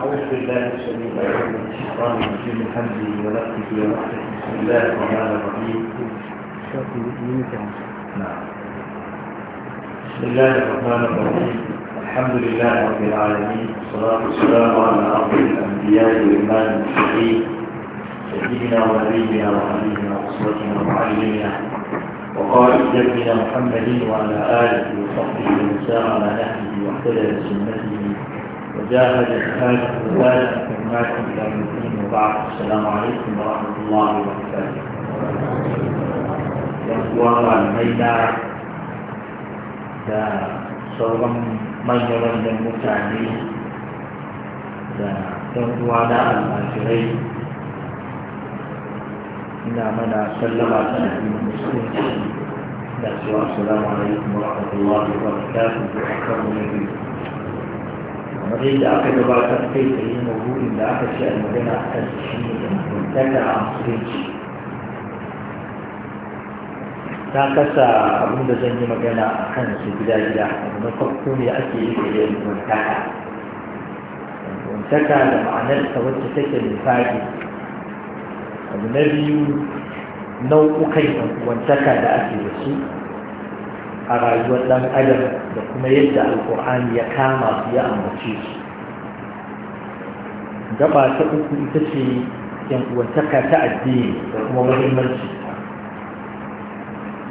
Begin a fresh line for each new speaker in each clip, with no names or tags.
أعوذ بالله بسم الله الرحمن الرحيم بسم الله الرحمن الرحيم الحمد لله رب العالمين والصلاة والسلام على أفضل الأنبياء وإمام المرسلين سيدنا ونبينا وحبيبنا وأسوتنا ومعلمنا وقال سيدنا محمد وعلى آله وصحبه ومن على نهجه واهتدى بسنته وجاهد الحاج وذلك كلمات الى المسلمين وبعد السلام عليكم ورحمة الله
وبركاته
يقوى الميلة دا صورم من المتعني دا يقوى دا الماجرين إنا منا سلم على المسلمين السلام عليكم ورحمة الله وبركاته وأكرم نبيكم kamar yadda aka gabatar kai yi mawurin da aka ce a a kan shi ne da mutuntaka a musulunci ta kasa abin da zan yi magana a kan su gida gida abu na farko ne ake yi da yin mutuntaka da ma'anar ta wacce take nufaɗi abu na biyu nau'ukan mutuntaka da ake da su a rayuwar ɗan adam da kuma yadda alkur'ani ya kama su ya ambace su gaba ta uku ita ce yan uwantaka ta addini da kuma muhimmanci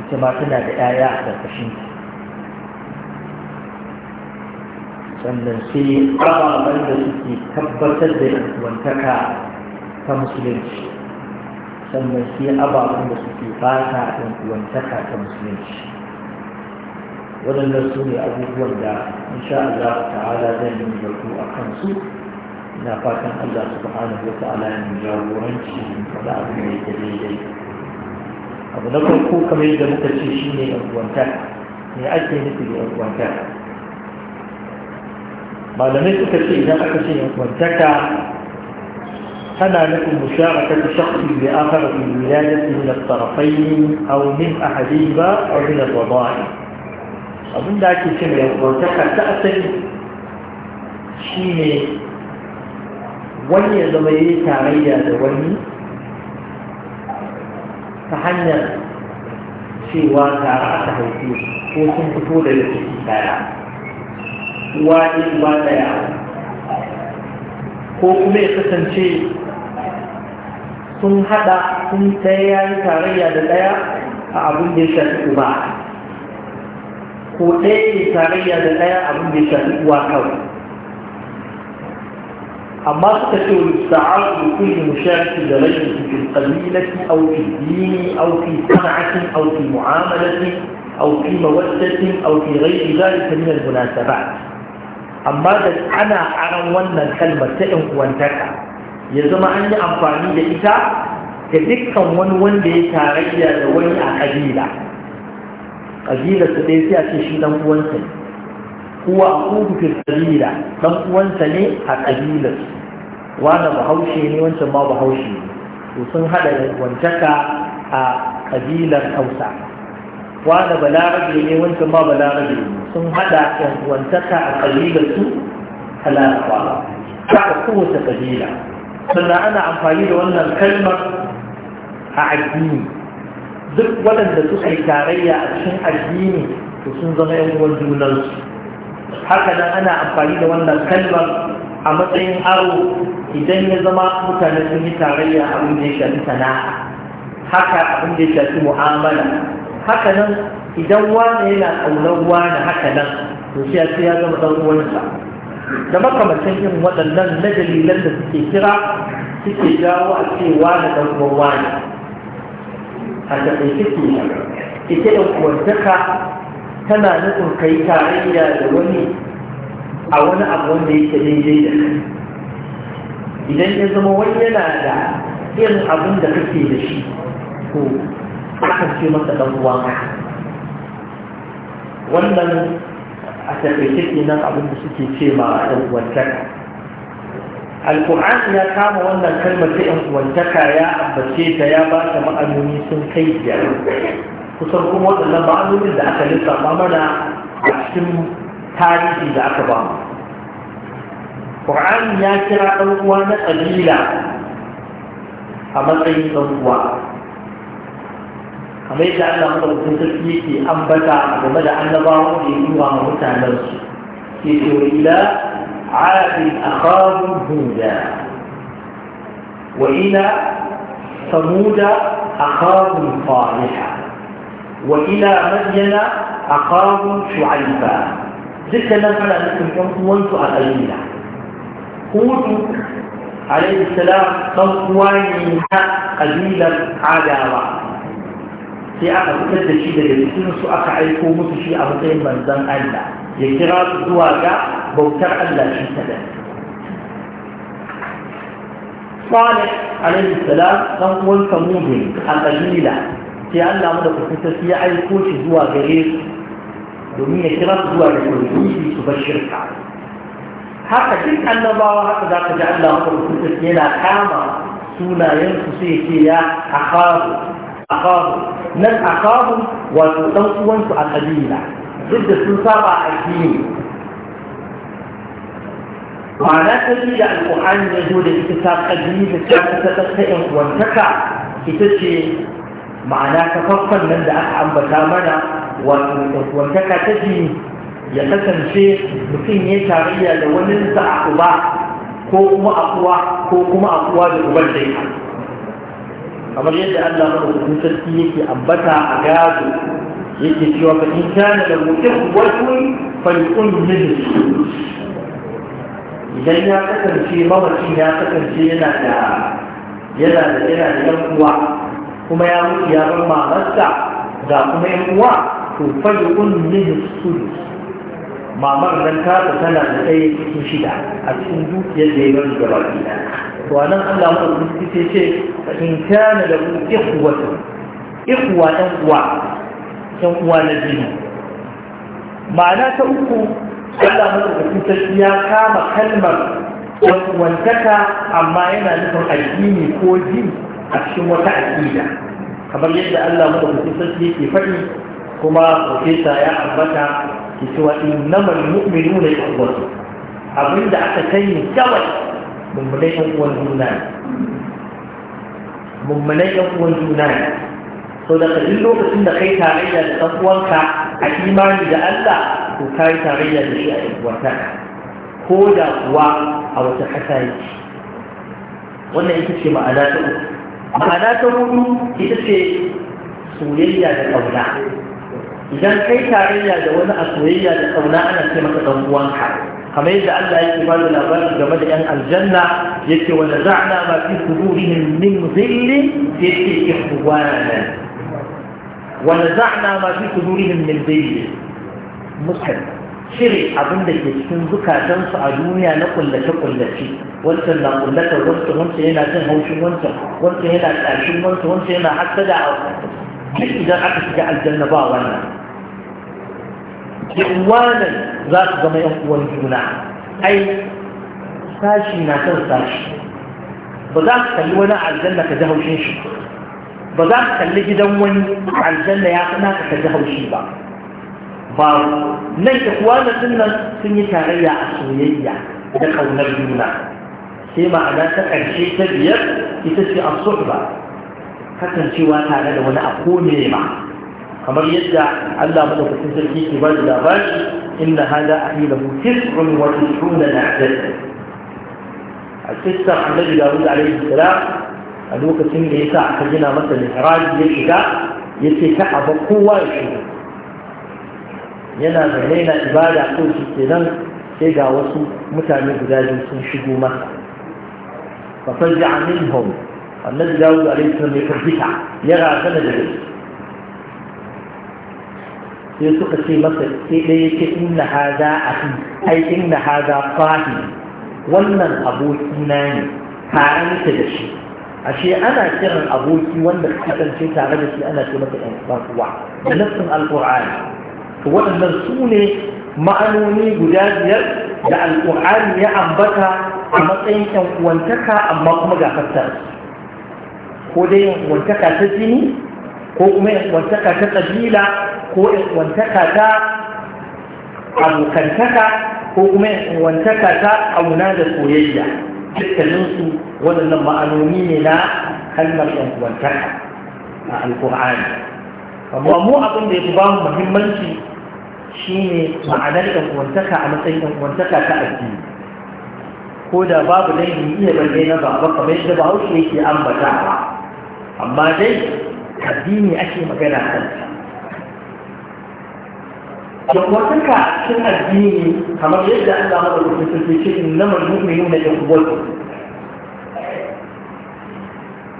ita ma tana da 'ya'ya a ƙarƙashin sannan sai ababen da suke tabbatar da yan ta musulunci sannan sai ababen da suke fata ta yan uwantaka ta musulunci waɗannan su ne abubuwan da insha Allah ta'ala zan yi zarto a kansu ina fatan Allah subhanahu wa ta'ala ya mu jagoranci faɗa abu mai da daidai abu na farko kamar yadda muka ce shi ne yankuwanta me ake nufi da yankuwanta malamai suka ce idan aka ce yankuwantaka tana nufin musharakatu shakhsi bi akhar min wilayati min at-tarafayn aw min ahadihima aw min al-wada'i abin da ake cin yankuwantaka ta asali shi ne wani ya zama yi tarayya da wani ta hanyar cewa tare aka haife ko sun fito daga ciki daya uwa ne uwa daya ko kuma ya kasance sun hada sun ta yayi tarayya da daya a abin da ya shafi uba ko ɗaya ne tarayya da ɗaya abin da shafi uwa kawai amma suka ce wa sa'adu kulli mushariki da rajin fi qalilati aw fi dini aw fi sana'atin aw fi mu'amalati aw fi mawaddatin aw fi ghairi dhalika min al-munasabat amma da ana aran wannan kalmar ta ɗan uwantaka ya zama an yi amfani da ita ga dukkan wani wanda ya tarayya da wani a kabila ƙabilar ɗaya sai a ce shi dan uwansa ne kuwa a kudu fil ƙabila ɗan uwansa ne a ƙabilar wanda bahaushe ne wancan ma bahaushe ne to sun haɗa wancaka a ƙabilar hausa wani balarabe ne wancan ma balarabe ne sun haɗa wancaka a ƙabilar su ta larabawa haka kowace ƙabila sannan ana amfani da wannan kalmar a addini duk waɗanda suka yi tarayya a cikin addini to sun zama yan uwan junansu haka nan ana amfani da wannan kalmar a matsayin aro idan ya zama mutane sun yi tarayya abin da ya shafi sana'a haka abin da ya shafi mu'amala haka nan idan wani yana ƙaunar wani haka nan to shi sai ya zama ɗan uwansa da makamacin yin waɗannan na dalilan da suke kira suke jawo a cewa wani ɗan uwan wani a taƙaice ke ita ɗan uwantaka tana nufin kai tarayya da wani a wani abu wanda yake daidai da kai idan ya zama wani yana da irin abin da kake da shi to akan ce masa ɗan uwanka wannan a taƙaice kenan abin da suke ce ma ɗan alkur'ani ya kama wannan kalmar ta yan uwantaka ya ambace ta ya ba ta ma'anoni sun kai biyar kusan kuma waɗannan ma'anonin da aka lissafa mana a cikin tarihi da aka ba mu qur'ani ya kira ɗan uwa na ƙabila a matsayin ɗan uwa kamar yadda Allah madaukakin sarki yake ambata game da annabawa da ya yi wa mutanensu ke ce ila عاد أخاه هودا وإلى ثمود أخاه صالحا وإلى مدين أخاه شعيبا ذكر نفعل أن يكون وانتو أغلينا هود عليه السلام تطوعي منها قليلا على رأس في أخي تتدى شيئا يتنسو أخي عليكم في شيئا مطين من ذن الله يكراد دواجا مبتغى للحسد صالح عليه السلام كان قول كموجن القليلة في أن لا مدى قصة في أي كل شيء هو غير دمية كرات هو يقول في سبا الشركة حتى كنت أن الله قد جعل الله مدى قصة في أن أقام سونا ينفسه في أخاذ أخاذ من أخاذ وتوصوا أنت القليلة ضد السلطة الدين ma'ana ta ji da alƙur'ani ya zo da ita ta ƙaddi da ta fi ta ta in wantaka ita ce ma'ana ta farkon nan da aka ambata mana wato ƴan wantaka ta ji ya kasance mutum ya tarayya da wani sa a uba ko kuma a uwa ko kuma a uwa da uban da ya kamar yadda Allah madaukakin sarki yake ambata a gado yake cewa ka in kana da mutum wasu fa yu'minu idan ya kasance mamaci ya kasance yana da yana da yana da yan uwa kuma ya mutu ya bar mamarsa ga kuma yan uwa to fad'un min sudus mamar nan ta tana da ɗaya cikin shida a cikin dukiyar da ya bari gaba gida to a nan Allah mu rubuta ce ce in kana da ikhwatu ikhwa dan uwa dan uwa na jini ma'ana ta uku Allah madaukakin sarki ya kama kalmar wantaka amma yana nufin addini ko ji a cikin wata aƙida kamar yadda Allah madaukakin sarki yake faɗi kuma profesa ya ambata ki cewa innamal mu'minuna ikhwatu abinda aka sani kawai mummunai ɗan uwan juna mummunai ɗan uwan juna ne to da ka lokacin da kai tarayya da ɗan uwanka a imani da Allah to kai tarayya da shi a wata ko da kuwa a wata ƙasa yake wannan ita ce ma'ana ta uku ma'ana ta hudu ita ce soyayya da ƙauna idan kai tarayya da wani a soyayya da ƙauna ana ce maka ɗan uwanka kamar yadda Allah yake ba da labarin game da ‘yan aljanna yake wanda za'ana ma fi kudurihim min zillin yake nan. ونزعنا ما في صدورهم من ذيل مسلم shiri abin da ke cikin zukatansu a duniya na kullace-kullace wancan na kullata wancan wancan yana jin haushin wancan wancan yana ƙashin wancan wancan yana hassada a duk idan aka shiga aljanna ba wannan iwanan za su zama yan uwan juna ai sashi na kan sashi ba za ka kalli wani aljanna ka ji haushin shi ba za ka kalli gidan wani aljanna ya kana ka kalli haushi ba ba nan da kuwa na nan sun yi tarayya a soyayya da ƙaunar juna sai ma'ana ta ƙarshe ta biyar ita ce a ba kasancewa tare da wani a kone ma kamar yadda Allah madaukakin sarki ke ba da labari inna hada ahilahu tis'un wa tis'una na'jatan a tisar annabi Dawud alaihi salam a lokacin da ya sa aka gina masa mihraji ya shiga ya ce ka abu kowa ya shiga yana da yana ibada ko shi ke nan sai ga wasu mutane guda biyu sun shigo masa fa fajja minhum annabi dawud alaihi salam ya firgita ya razana da shi sai suka ce masa sai ɗaya yake inna haza ahi ai inna haza fahi wannan abokina ne ka aminta da shi ashe ana kiran aboki wanda ka kasance tare da shi ana ce masa ɗan uwa da nassin alƙur'ani to waɗannan su ne ma'anoni guda biyar da alƙur'ani ya ambata a matsayin ƴan uwantaka amma kuma ga fassar ko dai ƴan uwantaka ta jini ko kuma ƴan uwantaka ta ƙabila ko ƴan uwantaka ta abokantaka ko kuma ƴan uwantaka ta auna da soyayya dukkaninsu waɗannan ma'anoni ne na kalmar yan a alkur'ani amma mu abin da ya fi bamu muhimmanci shine ma'anar yan a matsayin yan ta addini ko da babu dai dangi iya balle na baba kamar ba bahaushe yake ba. amma dai addini ake magana kanta yanwataka a cikin addini kamar yadda an zama da rufin sun ce in na mai na yan uwan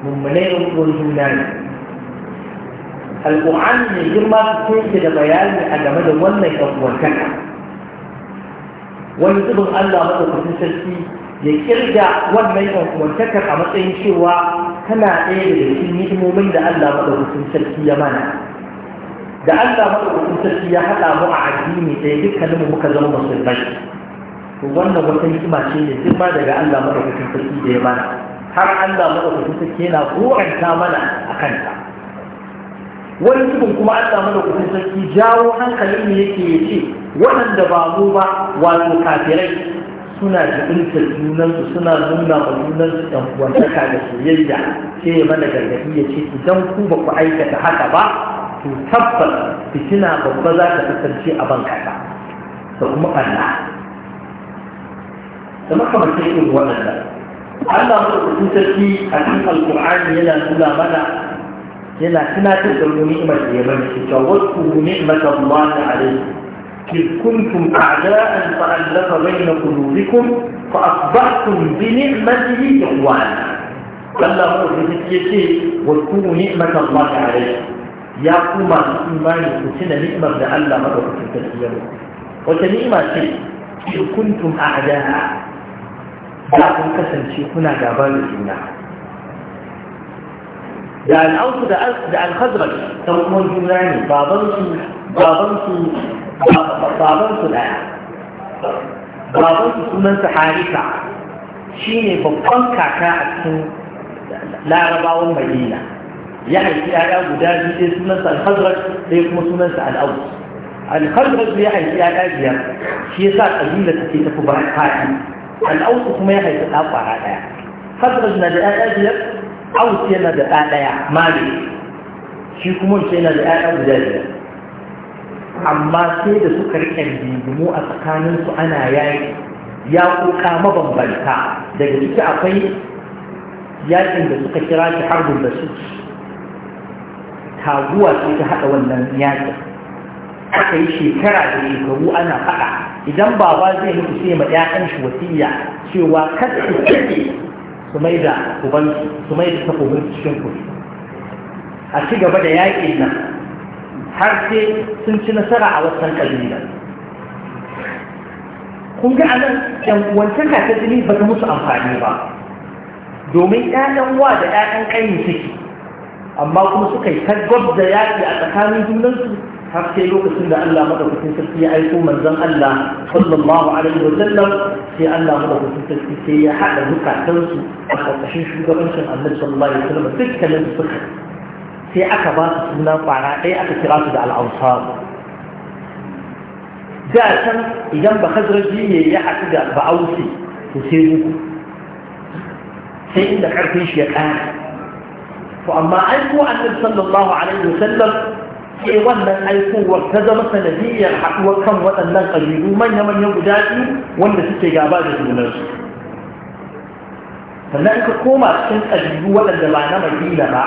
mummune yan uwan juna ne alƙur'ani ne girma su ce da bayani a game da wannan yan wani zubin allah maɗaukakin sarki ya kirga wannan yan a matsayin cewa tana ɗaya daga cikin hidimomin da allah maɗaukakin sarki ya mana da Allah madaukakin sarki ya haɗa mu a addini ɗaya dukkaninmu muka zama musulmai to wannan wata hikima ce ne ba daga Allah madaukakin sarki da ya mana har Allah madaukakin sarki yana goranta mana a kanta wani zubin kuma Allah madaukakin sarki jawo hankalin ne yake ya ce waɗanda ba mu ba wato kafirai suna jibinta junansu suna nuna wa junansu ɗan uwantaka da soyayya ce mana gargaɗi ya ce idan ku ba ku aikata haka ba to tabbas fitina babba za ta kasance a ban kasa da kuma ɓanna da makamantar irin waɗanda Allah maɗaukakin sarki a cikin alƙur'ani yana nuna mana yana tunatar da mu ni'imar da ya bani shi ta wasu ni'imata Allah alaihi إذ كنتم أعداء فألف بين قلوبكم فأصبحتم بنعمته إخوانا فالله يقول واذكروا نعمة الله عليكم ya kuma su imani ku tuna ni'imar da Allah madaukakin sarki ya muku wata ni'ima ce in kuntum a'da'a da kun kasance kuna gaba da juna da al'ausu da al-khazraj sun kuma juna ne baban su baban su baban su daya baban su sunan sa harisa shine babban kaka a cikin larabawan madina ya haifi ‘ya'ya guda biyu ɗaya sunansa al-hazrat ɗaya kuma sunansa al-aus al ya haifi ‘ya'ya biyar shi ya sa ƙabila take tafi ba faɗi al-aus kuma ya haifi ɗa ƙwara ɗaya hazrat na da ‘ya'ya biyar aus yana da ɗa ɗaya mali shi kuma shi yana da ‘ya'ya guda biyar amma sai da suka riƙe rigimu a tsakaninsu ana yaƙi ya kuka mabambanta daga ciki akwai yakin da suka kira shi harbin da su taguwa ce ta haɗa wannan yaƙin aka yi shekara da shekaru ana faɗa idan baba zai mutu sai ma ƴaƴan shi wasiya cewa kar su kake su mai da uban su mai da takobin cikin ku a ci gaba da yaƙi nan har sai sun ci nasara a wasan ƙabila kun ga anan ƴan wancan kakasini ba ta musu amfani ba domin ƴaƴan wa da ƴaƴan ƙanin suke amma kuma suka yi taggab da yaƙi a tsakanin junansu har sai lokacin da Allah madaukakin sarki ya aiko manzon Allah sallallahu alaihi wa sallam sai Allah madaukakin sarki sai ya haɗa zukatansu a ƙarƙashin shugabancin Annabi sallallahu alaihi wa sallam dukkanin su suka sai aka ba su suna fara ɗaya aka kira su da al'ansar da can idan ba hazraji ne ya haɗu da ba'ausi to sai sai inda ƙarfin shi ya ƙara فأما علم أنه صلى الله عليه وسلم إيوان من أيكو وكذب سنبيا الحق وكم وأن من قريبه من من يوم جاتي وأن ستة جابات من الرسول فلنك قوما سنت أجيب وأن دلعنا مدينة ما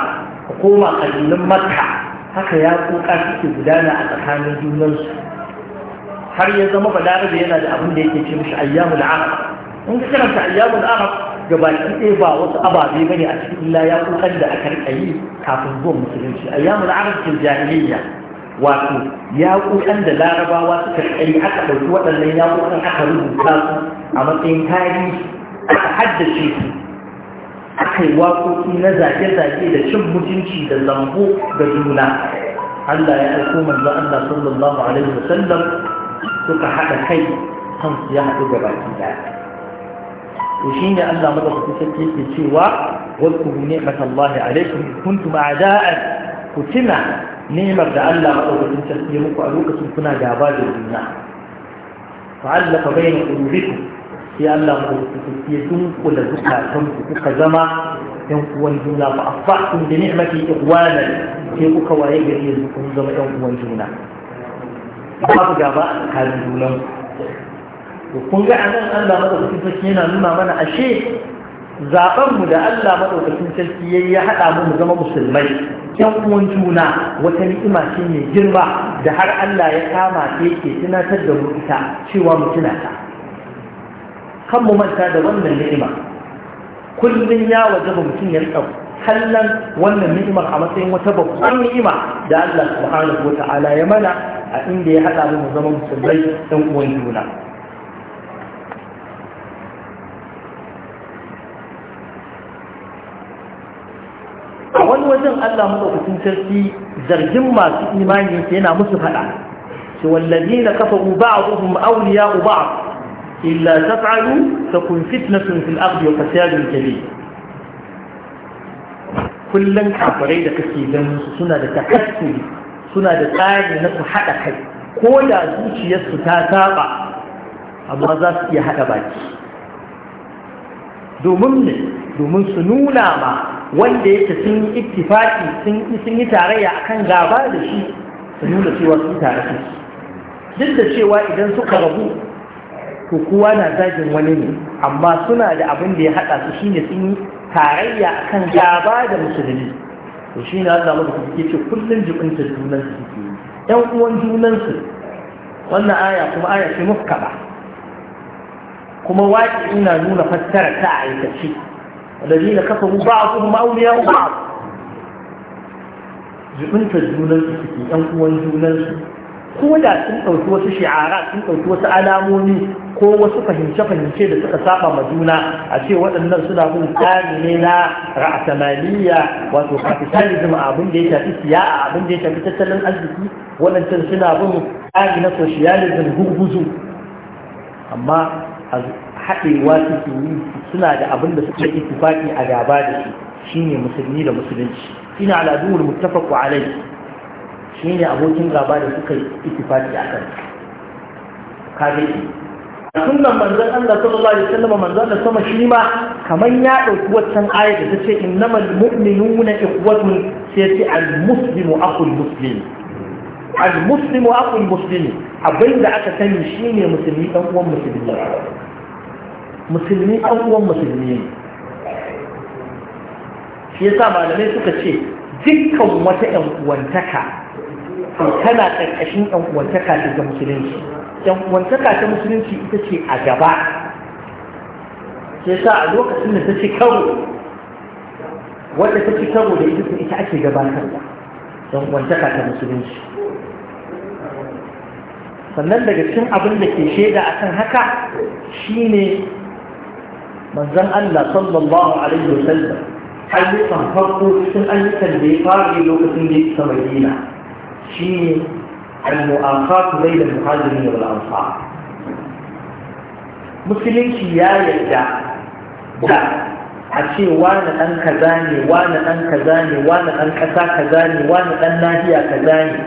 قوما قليل مدحة هكا يأكو كانت تبدانا أتخاني دون الرسول هل يزم فدار بينا لأبن ديكي مش أيام العرب انك أيام العرب gabaki ɗaya ba wasu ababe ba ne a cikin illa ya kukan da aka riƙa yi kafin zuwan musulunci a yamun arabcin jahiliyya wato ya kukan da larabawa suka riƙa aka ɗauki waɗannan ya kukan aka rubuta su a matsayin tarihi aka haddace su aka yi waƙoƙi na zage-zage da cin mutunci da lambu da juna Allah ya ɗauko manzo Allah sallallahu alaihi wasallam suka haɗa kai kansu ya haɗu gabaki ɗaya to shine Allah madaukakin sarki yake cewa ne wadkuru ni'matallahi alaikum kuntum ku kutina ni'mar da Allah madaukakin sarki muku a lokacin kuna gaba da juna fa'allafa bayna qulubikum sai Allah madaukakin sarki ya dunkula zukatan ku kuka zama yan uwan juna fa asbahtum bi ni'mati ikhwana sai kuka waye gari yanzu kun zama yan uwan juna babu gaba a tsakanin junanku to kun ga anan Allah madaukakin sarki yana nuna mana ashe zaben mu da Allah madaukakin sarki yayi ya hada mu mu zama musulmai yan uwan juna wata ni'ima ce mai girma da har Allah ya kama ta yake tunatar da mu ita cewa mu tuna ta kan mu manta da wannan ni'ima kullum ya wajaba mutum ya tsau kallon wannan ni'imar a matsayin wata babbar ni'ima da Allah subhanahu ta'ala ya mana a inda ya haɗa mu zama musulmai yan uwan juna nan Allah madaukakin sarki zargin masu imani yana musu fada kafa uba a ba'dhum awliya'u uba, illa taf'alu kun fitnatun fil ardi wa fasadun kabir kullun kafirai da kake ganin suna da takassuri suna da tsari na su haɗa kai ko da zuciyarsu ta saba amma za su iya hada baki domin ne domin su nuna ma wanda yake sun yi ittifaki sun yi tarayya akan gaba da shi su nuna cewa sun tare su duk da cewa idan suka rabu to kowa na zagin wani ne amma suna da abin da ya haɗa su shine sun yi tarayya akan gaba da musulmi to shi ne Allah maka suke ce kullum jibinta junan su uwan junan su wannan aya kuma aya ce mufka kuma waƙi ina nuna fassara ta aikace الذين كفروا بعضهم أولياء بعض زمنت الجونس في أنقوى الجونس ko da sun ɗauki wasu shi'ara sun ɗauki wasu alamomi ko wasu fahimce-fahimce da suka saba ma juna a ce waɗannan suna bin tsari ne na ra'asamaliya wato capitalism abin da ya shafi siya abin da ya shafi tattalin arziki waɗancan suna bin tsari na socialism gurguzu amma haɗewa suke yi suna da abin da suka ittifaqi a gaba da su shine musulmi da musulunci ina al'adun muttafaqu alai shine abokin gaba da suka ittifaqi a kan kaje sunan manzon Allah sallallahu alaihi wasallam manzon da sama shi ma kamar ya dauki wannan ayat da tace innamal mu'minuna ikhwatun sai ce al-muslimu akhul muslim al-muslimu akhul muslim abinda aka sani shine musulmi dan uwan musulmi musulmi ɗan uwan musulmi ne shi yasa malamai suka ce dukkan wata ƴan uwantaka tana ƙarƙashin ƴan uwantaka ta ga musulunci ƴan uwantaka ta musulunci ita ce a gaba shi yasa a
lokacin da ta ci karo
wanda ta ci karo da ita ita ake gabatarwa ƴan uwantaka ta musulunci sannan daga cikin abin da ke shaida akan haka shine manzon Allah sallallahu alaihi wasallam ayyukan farko cikin ayyukan da ya fara lokacin da ya isa Madina shine al-mu'aqat bayna al-muhajirin wal ansar musulunci ya yarda da a ce wani ɗan kaza ne wani ɗan kaza ne wani ɗan ƙasa kaza ne wani ɗan nahiya kaza ne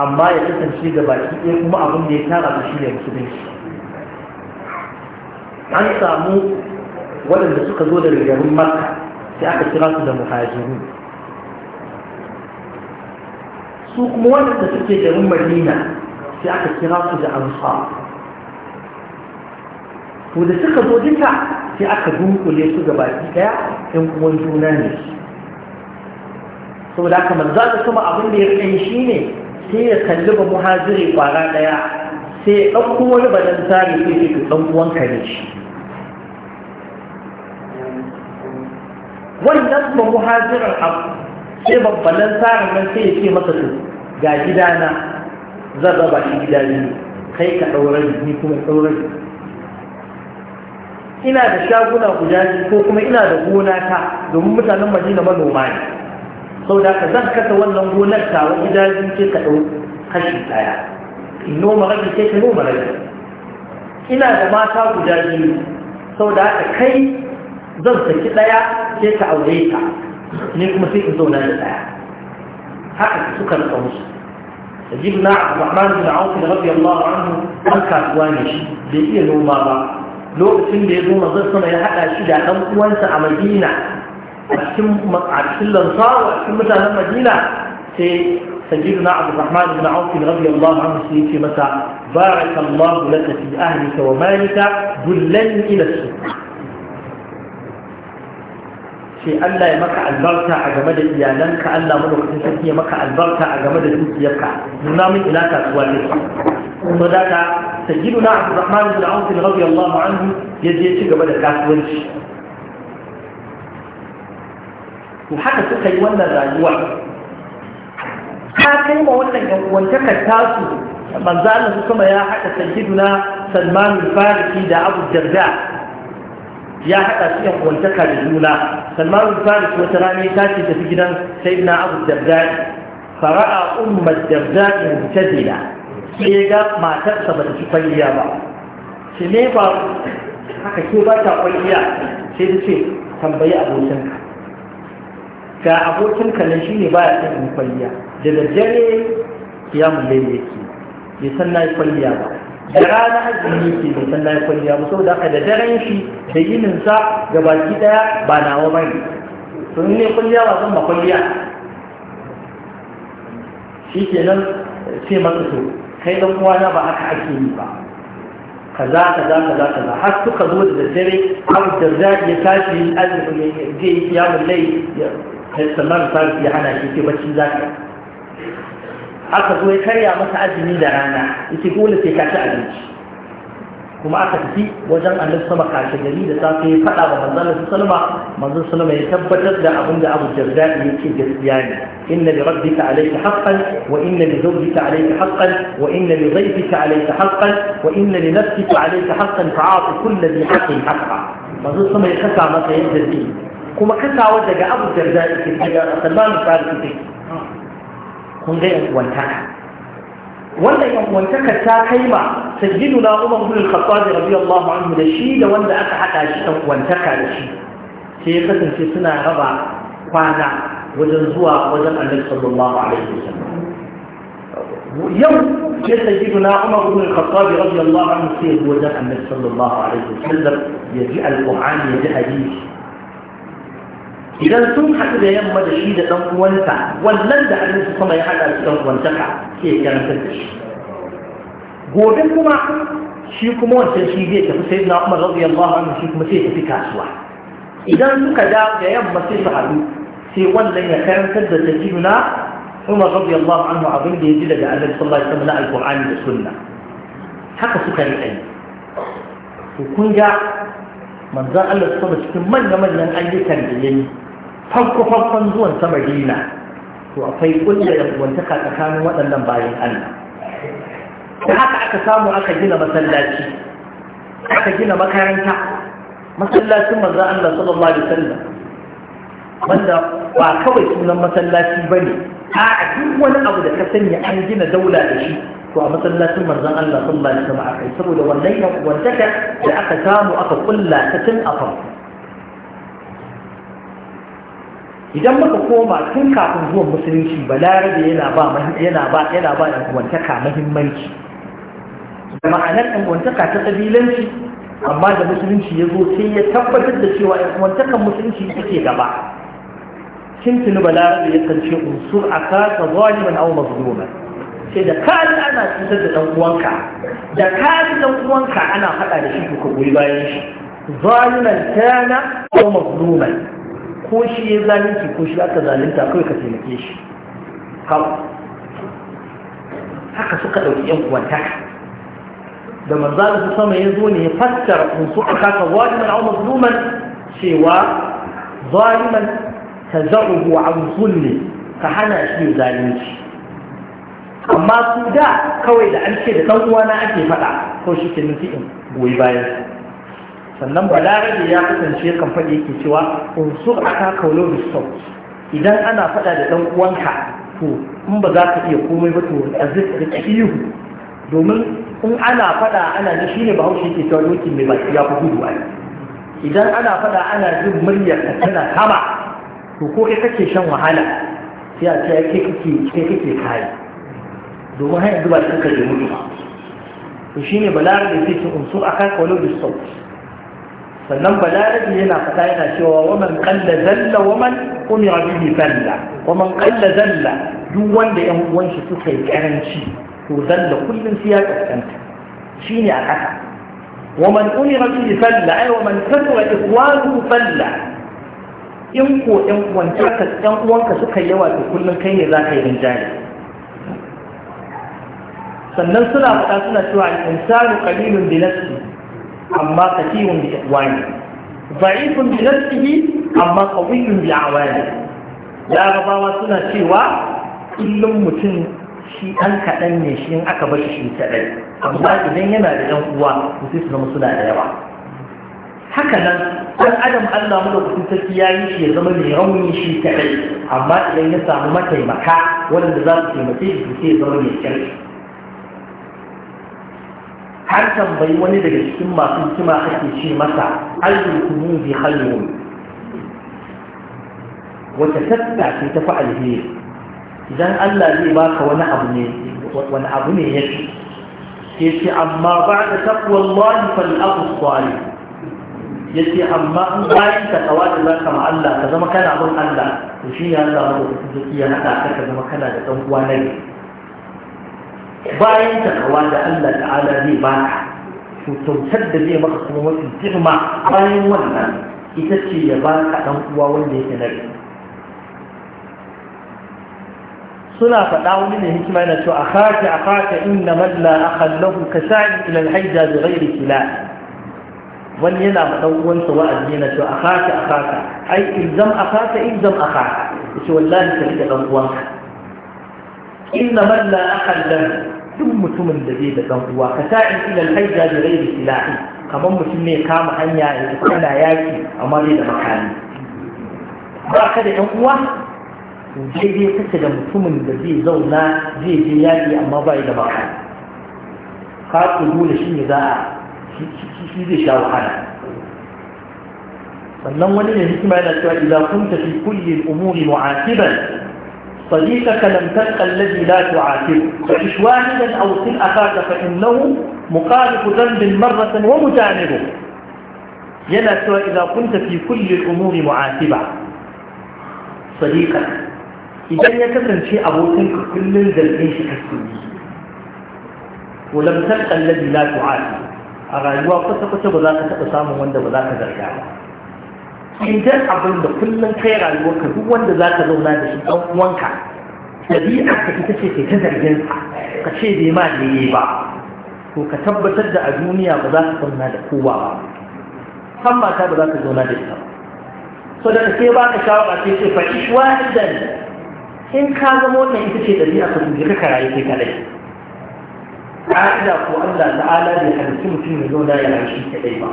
amma ya kasance ga baki ɗaya kuma abin da ya tara su shi ne musulunci an samu waɗanda suka zo daga garin makka sai aka kira su da muhajiru su kuma waɗanda suke garin madina sai aka kira su da amsa to da suka zo duka sai aka dunkule su ga baki ɗaya ɗan uwan juna ne saboda haka manzo da kuma abin da ya kai shine sai ya kalli ba muhajiri kwara ɗaya sai ya ɗauko wani banan tsari sai ya to ɗan uwanka kare shi wannan ba muhajirar abu sai babbalan tsarin nan sai ya ce masa to ga gidana zan raba shi gida ne kai ka ɗaurar ni kuma ɗaurar ina da shaguna guda biyu ko kuma ina da gona ta domin mutanen madina manoma ne sau da ka zan kasa wannan gonar tawa gida biyu ce ka ɗau kashi ɗaya in noma rage sai ta noma rage. ina da mata guda biyu sau da haka kai zan saki ɗaya ke ta aure ta ni kuma sai in zauna da ɗaya haka suka rika musu Sajib سيدنا عبد الرحمن بن عوف رضي الله عنه an kasuwa ne shi bai iya noma ba lokacin da ya zo manzon sama ya haɗa shi da ɗan uwansa a madina a cikin a cikin lansawa a cikin mutanen madina sai سيدنا عبد الرحمن بن عوف رضي الله عنه سيدي متى بارك الله لك في أهلك ومالك دلني إلى السوق ce Allah ya maka albarka a game da iyalanka Allah madaukakin sarki ya maka albarka a game da dukiyarka nuna min ila kasuwa ne to da ka sayyiduna Abdurrahman bin Auf radiyallahu anhu ya je ci gaba da kasuwanci to haka suka yi wannan rayuwa ka kai ma wannan yan uwantakar tasu manzo Allah su kuma ya haɗa sayyiduna Salman al-Farisi da Abu Darda ya haɗa su yan uwantaka da juna Salman al-Farisi wata rana ya tashi tafi gidan sayyidina Abu Darda fara'a ummat Darda mu'tazila sai ga matarsa ba ta ci kwalliya ba shi ne ba haka ke ba ta kwalliya sai ta ce tambayi abokinka ga abokin kalan shi ne ba ya san kwalliya da daddare ya mulle yake ya san na kwalliya ba da rana azumi ke bai san na kwalliya ba saboda aka da daren shi da yinin ga baki daya ba wa bane to ne kwalliya ba zan ba kwalliya shi nan sai masu to kai dan kwana ba haka ake yi ba kaza kaza kaza kaza har suka zo da daddare abu da za ya tashi azumin ke yi kiyamun lai sai sallar farisi ya hana shi ke bacci za ka aka zo ya karya masa azumi da rana yace dole sai ka ci abinci kuma aka tafi wajen annabi sama kashe gari da safe ya faɗa wa manzon sallama manzon sallama ya tabbatar da abin da Abu Darda yake gaskiya ne inna li rabbika alayka haqqan wa inna li zawjika alayka haqqan wa inna li dhayfika alayka haqqan wa inna li nafsika alayka haqqan fa'ati kulli dhi haqqin haqqa manzon sallama ya kasa masa yadda zai kuma kasawa daga abu darda ke daga salman faru ke kun ga yan wantaka wannan yan wantaka ta kai ma sajidu na umar bin al-khattab radiyallahu anhu da shi da wanda aka hada shi dan wantaka da shi sai ya kasance suna raba kwana wajen zuwa wajen annabi sallallahu alaihi wasallam yau sai sayyidu na umar bin khattab radiyallahu anhu sai ya wajen annabi sallallahu alaihi wasallam ya ji al ya ji hadisi idan sun haɗu da yamma da shi da ɗan uwansa wannan da an su kuma ya haɗa su ɗan uwantaka ke karantar da shi gobe kuma shi kuma wancan shi zai tafi sai na umar rabu yamma wani shi kuma sai tafi kasuwa idan suka da da yamma sai su haɗu sai wannan ya karantar da ta juna umar rabu yamma wani abin da ya ji daga annabi sallallahu alaihi wasallam na alƙur'ani da sunna haka suka riƙa yi to kun ga manzan Allah su cikin manya-manyan ayyukan da ya yi farko farkon zuwan sa madina to akwai kulla da wantaka tsakanin waɗannan bayan Allah da haka aka samu aka gina masallaci aka gina makaranta masallacin manzo Allah sallallahu alaihi wasallam wanda ba kawai sunan masallaci ba ne, a duk wani abu da ka sanya an gina daula da shi to a masallacin manzon Allah sallallahu alaihi wasallam akai saboda wannan wantaka da aka samu aka kulla ta tun a farko idan muka koma tun kafin zuwan musulunci balarabe yana ba yana ba yana ba wantaka muhimmanci da ma'anar ɗan'uwantaka ta ƙabilanci amma da musulunci ya zo sai ya tabbatar da cewa ɗan'uwantakan musulunci ke gaba sun tuni balarabe ya kance unsur a kasa zaliman au mazluma sai da ka ana cutar da ɗan uwanka da ka ji ɗan uwanka ana faɗa da shi ko goyi bayan shi zaliman kana au mazluma ko shi ya zalunci ko shi aka zalunta kawai ka taimake shi haka suka ɗauki ‘yan uwanta da manzan su sama ya zo ne ya fassara kunsu a kasa zaliman a mazluman cewa zaliman ta za'ubu a zulmi ka hana shi zalunci amma su da kawai da an ce da ɗan uwana ake faɗa ko shi ke nufi in goyi bayan sannan balarabe ya kasance kan faɗi yake cewa unsur aka kaulo da sau idan ana faɗa da ɗan uwanka to in ba za ka iya komai ba to azir da ihu domin in ana faɗa ana ji shine bahaushe ke cewa dokin mai baki ya fi gudu ai idan ana faɗa ana jin muryar ka tana kama to ko kai kake shan wahala sai a ce kai kake kai kake kai domin har yanzu ba shi ka je mutu ba to shine balarabe sai ce unsur aka kaulo da sau sannan balarabi yana fata yana cewa waman kalla zalla waman umira bihi zalla waman kalla zalla duk wanda yan uwanshi suka yi karanci to zalla kullum sai ya kaskanta shine a kasa waman umira bihi zalla ai waman kasura ikwanu zalla in ko yan uwanka yan uwanka suka yawa to kullum kai ne zaka yi rinjaye sannan suna fata suna cewa al-insanu qalilun bi nafsihi amma kathirun bi ikwani da'ifun bi nafsihi amma qawiyyun bi awani larabawa suna cewa kullum mutum shi ɗan kaɗan ne shi in aka bashi shi kaɗai amma idan yana da ɗan uwa sai su zama suna da yawa haka nan ɗan adam allah mu da kusa sarki ya yi shi ya zama mai rauni shi kaɗai amma idan ya samu mataimaka waɗanda za su taimake shi sai zama mai kyau har tambayi wani daga cikin masu hikima ake ce masa alhukumu bi khayrun wata tatta ce ta fa alheri idan Allah zai baka wani abu ne wani abu ne yake ke ce amma ba da taqwallahi fal aqul salih yace amma in bayan ka kawa da zaka ma Allah ka zama kana bin Allah to shi ne Allah ma da kake ya ka zama kana da dan uwa ne bayan takawa da Allah ta'ala zai baka to kyautar da zai maka kuma mafi girma bayan wannan ita ce ya baka dan uwa wanda yake na suna faɗa wani ne hikima yana cewa akhaka akhaka inna man la akhal lahu kasa'i ila al-hajja bi ghairi kila wani yana ma dan uwansa wa'azi yana cewa akhaka akhaka ai ilzam akhaka ilzam akhaka yace wallahi ka rike dan uwanka inna man la akhal duk mutumin da zai da ɗan uwa ka sa'in ilal haija da rai da silahi kamar mutum ne kama hanya ya kana yaki amma zai da makami ba ka da ɗan uwa daidai kake da mutumin da zai zauna zai je yaki amma ba da makami ka tsoro dole shi ne za a shi zai sha wahala sannan wani ne hikima yana cewa idan kunta fi kulli al-umuri mu'aqiban صديقك لم تلق الذي لا تعاتبه فعش واحدا أو صل أخاك فإنه مخالف ذنب مرة ومجانبه يلا سوى إذا كنت في كل الأمور معاتبا صديقك إذا يكفن شيء أبوتك كل في شكسوني ولم تلق الذي لا تعاتبه أغاني وقصة قصة وذاك تقسام وانده بذلك in jan abin da kullum kai ka duk wanda za ka zauna da shi ɗan uwanka ɗabi'a ka ita ce ke ta zargin ka ce bai ma da yi ba to ka tabbatar da a duniya ba za ka zauna da kowa ba kan mata ba za ka zauna da ita ba so da sai ba ka shawara sai ce fa wahidan in ka zama wannan ita ce ɗabi'a ka tuje ka rayu kai kadai ka'ida ko Allah ta'ala bai halitta mutum ya zauna ya rayu shi kadai ba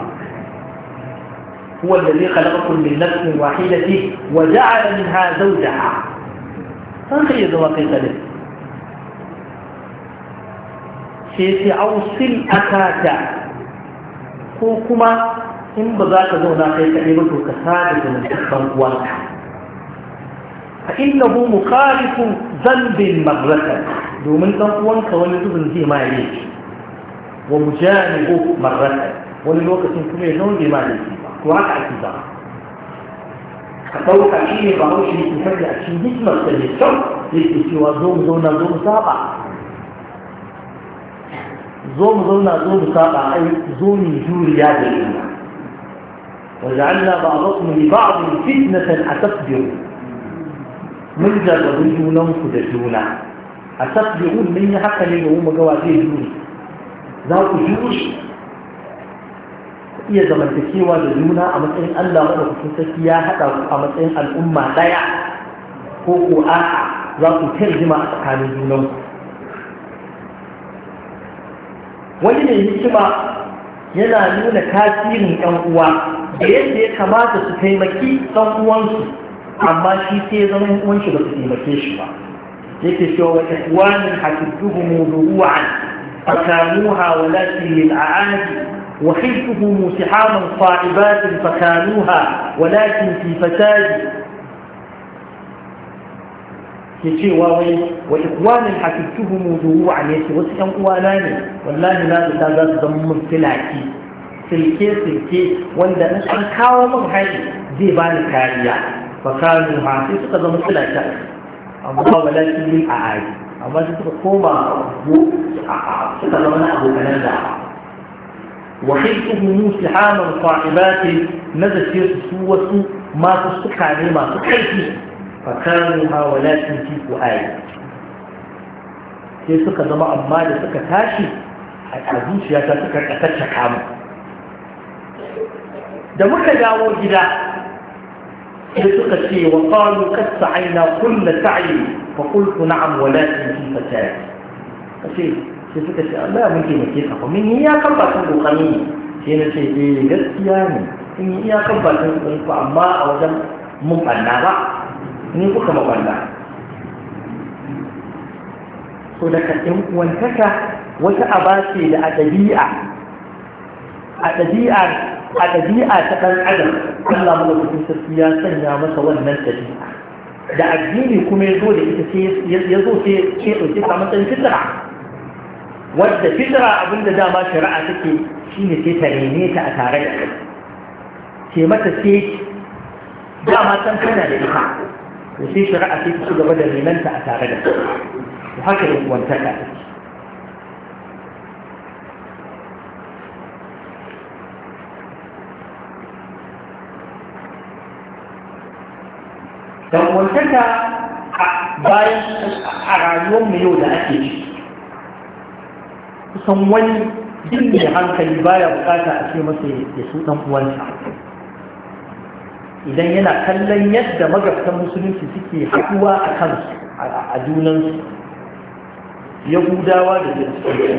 هو الذي خلقكم من نفس واحدة وجعل منها زوجها فانخي زواقي قدر شيء أوصل أكاكا كوكما إن بذاك زونا قيل كلمة كسادة من أكبر وانك فإنه مخالف ذنب مرة دومن تنقوانك ونزبن زي ما يليك ومجانب مرة وللوقت كما يجون بما يليك وركعة الظهر فوق شيء بروش يتفجع شيء جسم التلسل يتفجع وزوم زوم زوم زوم سابع زوم زوم زوم سابع أي زوم ياد الإيمان وجعلنا بعضكم لبعض فتنة أتصبروا من جربوا جونا كدجونا أتصبرون من حقا لهم جوازين جوني ذاك جوش iya zamantakewa da juna a matsayin Allah maɗaukakin sarki ya haɗa ku a matsayin al'umma ɗaya ko ko a za ku tarjima a tsakanin junan wani ne hikima yana nuna tasirin 'yan uwa da yadda ya kamata su taimaki ɗan uwansu amma shi sai zama uwan shi ba su taimake shi ba yake cewa wa ihwanin hafidduhum du'an fakamuha walakin lil'aadi وخلتهم سحاما صاعبات فكانوها ولكن في فساد يشي واوي وإخوان حفظتهم دروعا يشي وسيئا قواناني والله لا تتابع ضمن سلعتي سلكي سلكي وإذا نشأل كاو مغحي زي بان كاريا فكانوها في سقة ضمن سلعتي أما ولكن للأعادي أما تتبقى كوما أبو سقة ضمن أبو كنان وحيد أبو سحاما صاحبات نزلت في سوة ما عليه ما لما تحيط فكانوا هؤلاء في فؤاية في سكة دماء مالي سكة هاشي أعزوش يا سكة أتشا كاما دمك يا وجدا في سكة شيء وقالوا كس عينا كل سعي فقلت نعم ولكن في فتاة sai suka ce Allah ya mun taimake ka kuma ni ya kan bakin kokari ne sai na ce eh gaskiya ne in yi iyakan bakin kokari ko amma a wajen mun banna ba ni kuka ma banna so da ka ɗin wantaka wata aba ce da a ɗabi'a a ɗabi'a a ta dan adam Allah mulkin sarki ya sanya masa wannan ɗabi'a da addini kuma ya zo da ita sai ya zo sai ya ɗauki ta matsayin fitira wadda fitra da dama shari'a take ne sai ta rene ta a tare da kai ce mata sai dama san kana da ita to sai shari'a sai ta gaba da renanta a tare da kai haka yin wantaka dan wantaka
bayan
a rayuwar mu yau da ake ciki kusan wani duk mai hankali baya bukata a ce masa ya su dan uwansa idan yana kallon yadda magabtan musulunci suke haɗuwa a kansu a junansu yahudawa da kiristoci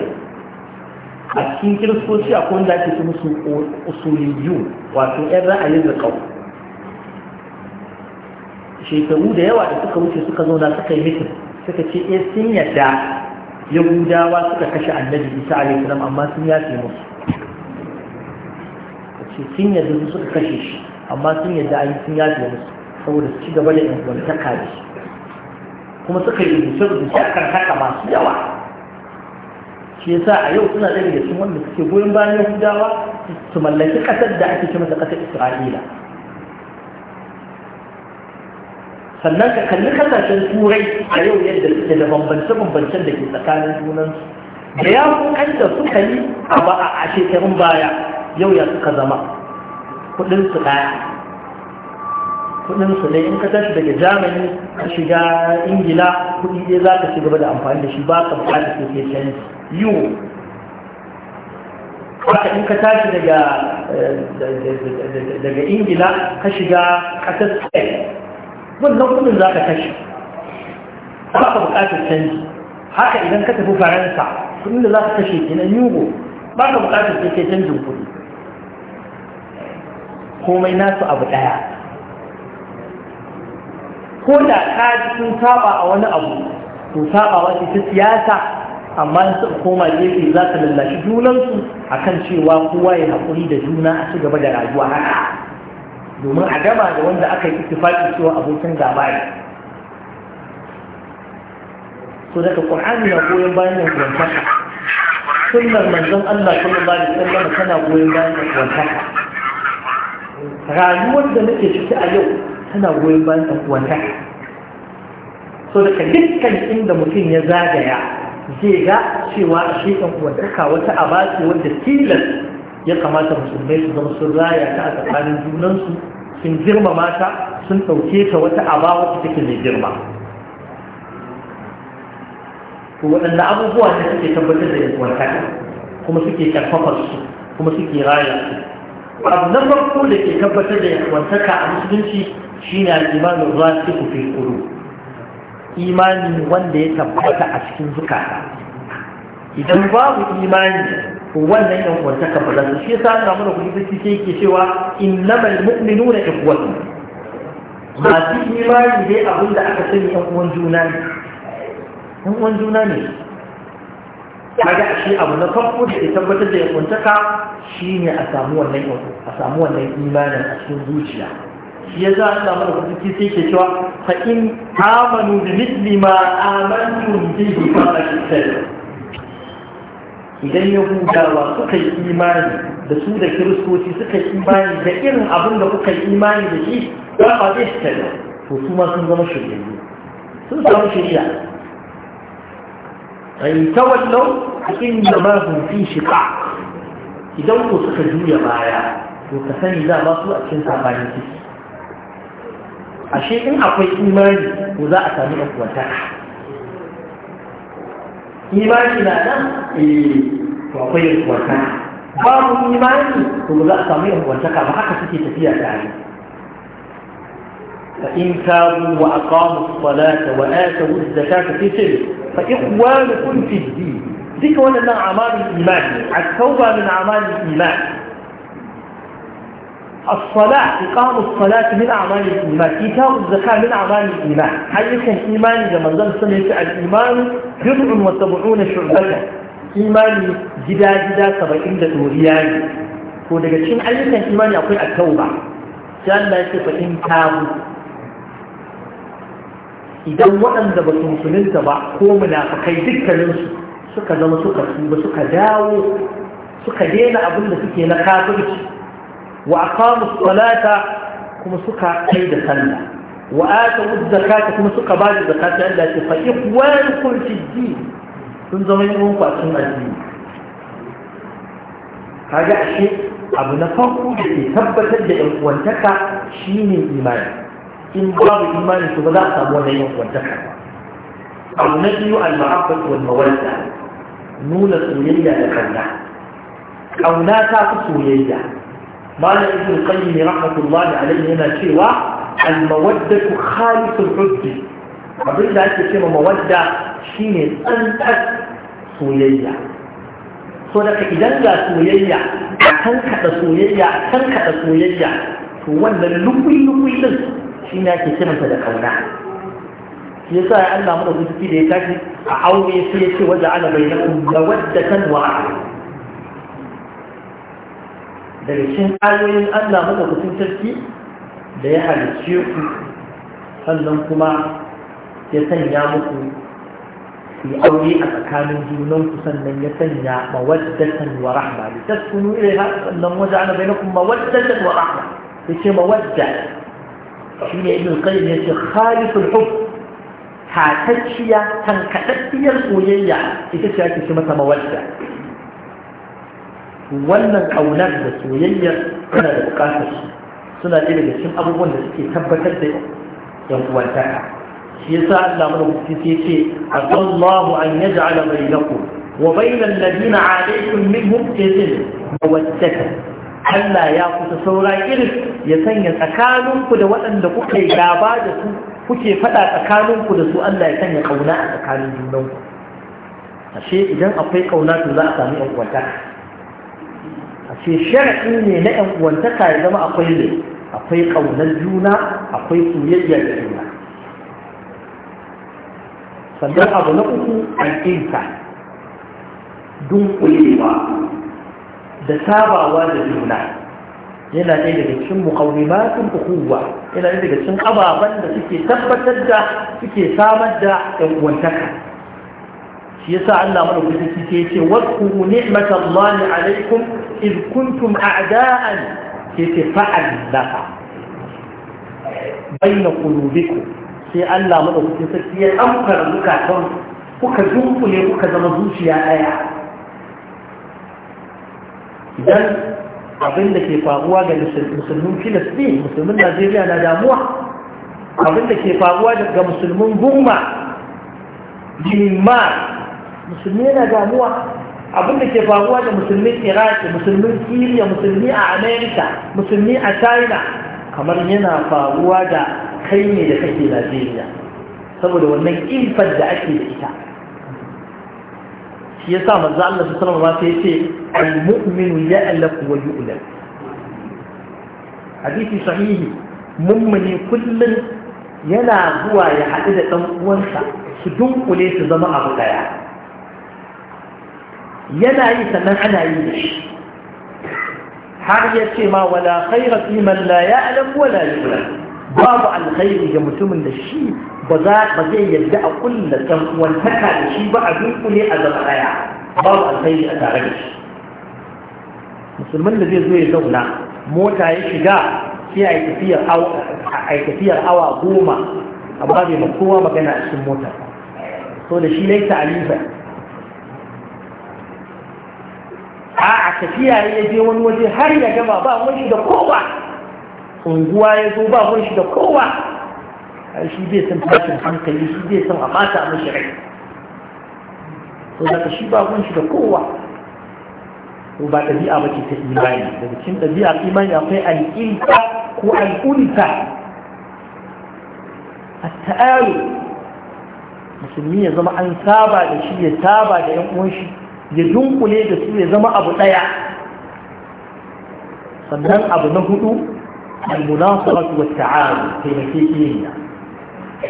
a cikin kiristoci a wanda ake su musu yiwu wato yan ra'ayin da kawo shekaru da yawa da suka wuce suka zauna suka yi mitin suka ce eh, sun yadda yahudawa suka kashe annabi isa alaihi salam amma sun yafe musu ce sun yadda su suka kashe shi amma sun yadda an sun yafe musu saboda su ci gaba da ingantaka da shi kuma suka yi rubuce rubuce akan haka masu yawa shi yasa a yau suna ɗaya da cikin wanda suke goyon bayan yahudawa su mallaki ƙasar da ake ce masa ƙasar isra'ila sannan ka kalli kasashen turai a yau yadda suke da bambance-bambancen da ke tsakanin junansu da ya kan da suka yi a shekarun baya yau ya suka zama kudinsu daya kudinsu ne in ka tashi daga germany ka shiga ingila kudi dai za ka shiga gaba da amfani da shi ba ka bukata sai ke canji yiwu haka in ka tashi eh, daga ingila ka shiga ƙasar spain wannan kudin za ka kashe ba ka bukatar canji haka idan ka tafi faransa kudin da za ka kashe ke na yugo ba ka bukatar sai ke canjin kudi komai nasu abu daya ko da ka sun saba a wani abu to saba wata ta siyasa amma su koma gefe za ka lallashi junansu akan cewa kowa ya haƙuri da juna a ci gaba da rayuwa haka domin a gama da wanda aka yi ittifaki cewa abokin gaba ne so daga ƙur'ani na goyon bayan yin kwantaka sunnar manzon Allah sallallahu alaihi wasallam tana goyon bayan yin kwantaka rayuwar da nake ciki a yau tana goyon bayan yin kwantaka so daga dukkan inda mutum ya zagaya zai ga cewa shi ɗan kwantaka wata abaci wanda tilas ya kamata musulmai su zama sun raya ta a tsakanin junansu sun girma mata sun ɗauke ta wata aba wata take mai girma waɗanda abubuwa ne suke tabbatar da yankuwanta kuma suke karfafa su kuma suke raya su abu na farko da ke tabbatar da yankuwantaka a musulunci shine al'imanin ruwa su fi kuru imani wanda ya tabbata a cikin zukata idan babu imani wannan yan uwantaka ba za su shi yasa Allah mana kuɗi sai ke yake cewa innamal mu'minuna ikhwatu masu imani dai abin da aka sani yan uwan juna ne yan uwan juna ne kaga shi abu na farko da ke tabbatar da yan uwantaka shine a samu wannan a samu wannan imanin a cikin zuciya shi yasa Allah mana kuɗi sai ke cewa fa in amanu bi mithli ma amantum bihi fa qad idan yahudawa suka yi imani da su da kiristoci suka yi imani da irin abin da kuka yi imani da shi ba a zai su tare to su ma sun zama shiryayyu sun samu shirya ai tawallau yi ma hum fi shi ka. idan ku suka juya baya to ka sani za ba su a cikin sabani ciki ashe in akwai imani ko za a sami ɗan imani imani فإن كانوا وأقاموا الصلاة وآتوا الزكاة في سر فإخوانكم في الدين ذكر أن أعمال الإيمان التوبة من أعمال الإيمان الصلاة إقام الصلاة من أعمال الإيمان إيتاء الزكاة من أعمال الإيمان حقيقة الإيمان زمن ذلك سمعت الإيمان جزء وسبعون شعبة إيمان جدا جدا سبعين دوريان ودقى شين أيضا إيمان يقول التوبة كان لا فإن تابوا إذا وأن ba su تبع ba ko munafakai dukkaninsu سكا zama سكا tuba suka dawo suka daina abin da suke وأقاموا الصلاة كما سكا قيد سلة وآتوا الزكاة كما سكا بعد الزكاة التي فإخوانكم في الدين sun zama yin wanku a cikin addini kaga ashe abu na farko da ke tabbatar da yan uwantaka shine imani in babu imani to ba za a samu wannan yan uwantaka ba abu na biyu al-ma'abbatu wal mawadda nuna soyayya da kanna kauna ta fi soyayya malam ibn qayyim rahmatullahi alayhi yana cewa al mawaddatu khalisul hubbi abin da ake cewa mawadda shine tsantsar soyayya so daga idan ga soyayya a kan kada soyayya a kan kada soyayya to wannan lukui lukui din shi ne ake kiranta da kauna shi yasa ya Allah mu da da ya tashi a aure sai ya ce wajen ana bainakum mawaddatan wa rahmah daga cikin ayoyin Allah madaukakin sarki da ya halicce ku sannan kuma ya sanya muku ku aure a tsakanin junan ku sannan ya sanya mawaddatan wa rahma li taskunu ilayha sannan waje ana bai waja'ala bainakum mawaddatan wa rahma yace mawadda shi shine ibn qayyim yace khaliful hubb tatacciya tankadaddiyar soyayya ita ce ake ce mata mawadda wannan ƙaunar da soyayyar yana da buƙatar shi, suna ɗaya daga cikin abubuwan da suke tabbatar da yan uwantaka shi yasa Allah madaukaki sai ce asallahu an yaj'ala bainakum wa bainal ladina alaykum minhum izin mawaddata Allah ya kusa saura irin ya sanya tsakaninku da waɗanda kuka yi gaba da su kuke faɗa tsakaninku da su Allah ya sanya ƙauna a tsakanin junanku ashe idan akwai ƙauna to za a sami yan uwantaka ce shari'i ne na ‘yan uwantaka ya zama akwai ne akwai ƙaunar juna akwai soyayyar juna sannan abu na uku al'inka dunkulewa da sabawa da juna yana ɗaya daga cikin muƙaunimatin ukuwa yana ɗaya daga cikin ababen da suke tabbatar da suke samar da ‘yan uwantaka shi yasa Allah mana kusa ke ce wasu ni'matallahi alaikum a da'an إذ كنتم أعداء يتفعل بين قلوبكم sai Allah madaukakin sarki ya amfara zukatan kuka dunkule kuka zama zuciya ɗaya idan abin da ke faruwa ga musulmin filistin musulmin najeriya na damuwa abin da ke faruwa ga musulmin burma jimma musulmi yana damuwa abin da ke faruwa da musulmin iraki musulmin siriya musulmi a amerika musulmi a china kamar yana faruwa da kai ne da kake najeriya saboda wannan infar da ake da ita shi yasa manzo Allah su sallama ba sai ce al-mu'minu ya'laku wa yu'lam hadisi sahihi mummuni kullun yana zuwa ya haɗu da ɗan uwansa su dunkule su zama abu ɗaya yana yi sannan ana yi da shi har ya ce ma wala khaira fi man la ya'lam wala yu'lam babu alkhairi ga mutumin da shi ba za ba zai yadda a kulla san wantaka da shi ba a dunkule a zama daya babu alkhairi a tare da shi Musulmin da zai zo ya zauna mota ya shiga sai a tafiyar awa goma amma bai ma kowa magana a cikin mota so da shi laita alifa a a tafiya ya je wani waje har ya gama ba mun shi da kowa unguwa ya zo ba mun shi da kowa a shi bai san tashin hankali shi bai san a bata mashi rai to daga shi ba mun shi da kowa ko ba ɗabi'a ba ce ta imani daga cikin ɗabi'a imani akwai al'ilta ko al'ulta a ta'aru musulmi ya zama an saba da shi ya saba da 'yan uwan shi ya dunkule da su ya zama abu ɗaya sannan abu na hudu al-munasabatu wa ta'awun taimakekeniya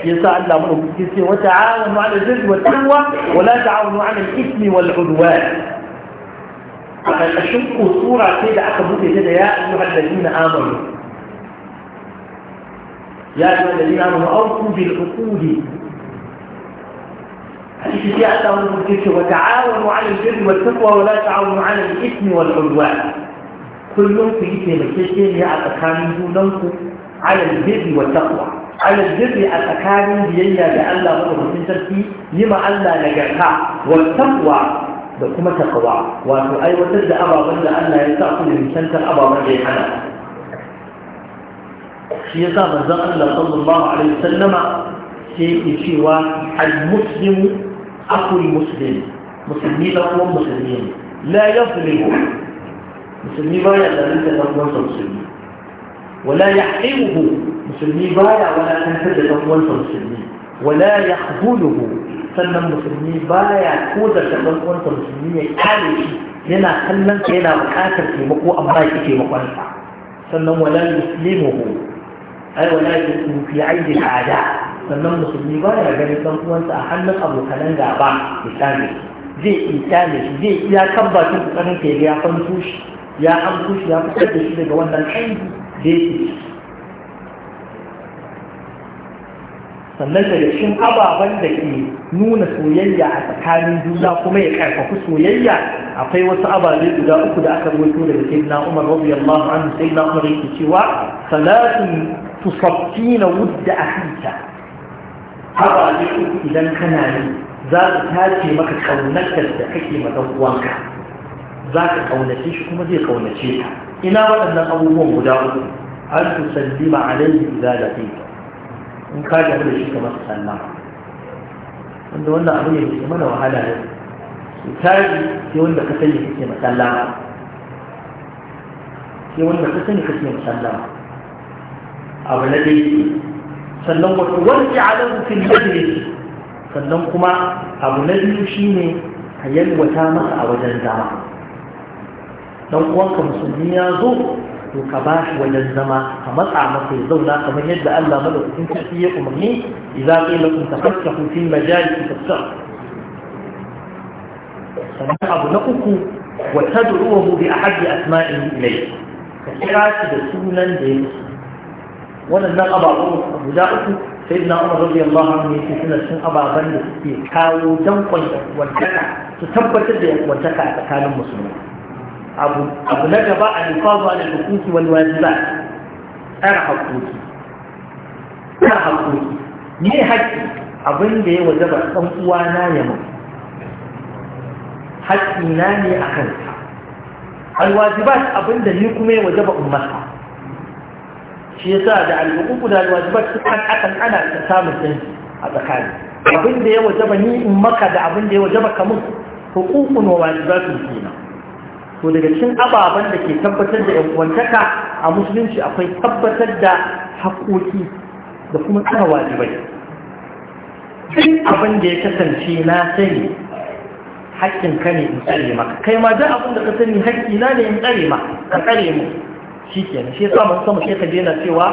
yasa Allah mu dauki sai wa ta'awunu 'ala al-birri wa taqwa wa la ta'awunu 'ala al-ithmi wal 'udwan akan sura sai da aka buɗe ta da ya ayyuhal ladina amanu ya ayyuhal ladina amanu awfu bil 'uqudi حديث فيه أنه المدرس وتعاونوا على البر والتقوى ولا تعاونوا على الإثم والعدوان كلهم في جيت مكتشين يا أتكاني دونك على البر والتقوى على البر أتكاني بيئة بألا مرة تركي لما الله نجرها والتقوى da kuma takawa wato aiwatar da ababen da Allah ya sa ku da nisantar ababen da ya hana shi ya sa manzon Allah sallallahu alaihi Akuri muslim musulmi da kuma musulmi ne la yazlimu musulmi baya zalunta dan uwansa musulmi wala yahimuhu musulmi baya wala tantar da dan uwansa musulmi wala yahbuluhu sannan musulmi baya ko da dan uwansa musulmi ya kare shi yana kallon yana bukatar taimako amma ya taimakon sa ai wala sannan musulmi ba ya ganin ɗan uwansa a hannun abokanan gaba misali zai insani zai iya kan bakin kokarin ka ya fanto shi ya amso shi ya fitar da shi daga wannan aiki da yake sannan da cikin ababen da ke nuna soyayya a tsakanin juna kuma ya karfafi soyayya akwai wasu ababe guda uku da aka rubuto daga sayyidina Umar radiyallahu anhu sayyidina Umar yake cewa salatun tusaffina wudda akhika haɓa ne uku idan kana yi za ka tace maka ƙaunatar da kake mata uwanka za ka ƙaunace shi kuma zai ƙaunace ka ina waɗannan abubuwan guda uku an su sallima alaihi idza laqita in ka gamu da shi ka masa sallama wanda wannan abu ne mai mana wahala ne su tari sai wanda ka sani kake masallama sai wanda ka sani kake masallama abu na dai sannan wa tuwarki alahu fil majlis sannan kuma abu na biyu shine ka yalwata masa a wajen zama dan uwanka musulmi ya zo to ka ba shi wajen zama ka matsa masa ya zauna kamar yadda Allah madaukakin sarki ya umarni idza qila kun tafakkahu fil majalis tafsir sannan abu na uku wata wa tad'uhu a ahadi asma'ihi ilayhi ka kira shi da sunan da ya yake waɗannan ababen guda uku sai na umar rabbi Allah ne yake suna cin ababen da suke kawo dankon wantaka su tabbatar da wantaka a tsakanin musulmi abu na gaba a nufazu a kuki wani wajiba tsara haƙoƙi tsara haƙoƙi ne haƙƙi abin da ya wajaba ɗan uwana ya mutu haƙƙina ne a kansa alwajibat abin da ni kuma ya wajaba ummata shi yasa da alhuququ da alwajibat kan akan ana ta samun sai a tsakani abin da ya wajaba ni in maka da abin da ya wajaba ka mun huququn wa wajibatun kenan to daga cikin ababen da ke tabbatar da yankuwantaka a musulunci akwai tabbatar da haƙoƙi da kuma tsara wajibai duk abin da ya kasance na sani haƙƙin ka ne in tsare maka kai ma duk abin da ka sani haƙƙi na ne in tsare maka ka tsare mu shi kenan shi yasa mun sama shekaru yana cewa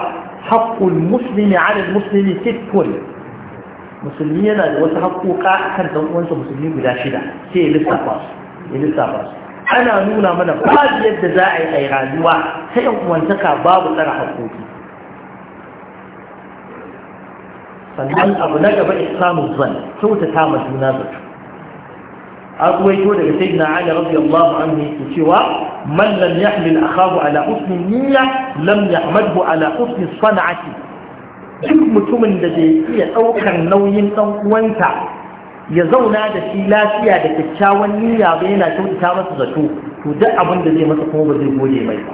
haƙƙul muslimi ala muslimi sittun musulmi yana da wasu haƙƙoƙa a kan ɗan uwansa musulmi guda shida sai ya lissafa su ya lissafa su ana nuna mana babu yadda za a yi a yi rayuwa ta yan uwantaka babu tsara haƙƙoƙi sannan abu na gaba islamu zan kyautata ma juna zato أرويته لك سيدنا علي رضي الله cewa سوى من لم يحمل أخاه على حسن النية لم يحمده على حسن duk mutumin da zai iya ɗaukar nauyin ɗan uwanta ya zauna da shi lafiya da kyakkyawan niyya ba yana kyautata masa zato to duk abin da zai masa kuma ba zai goge mai ba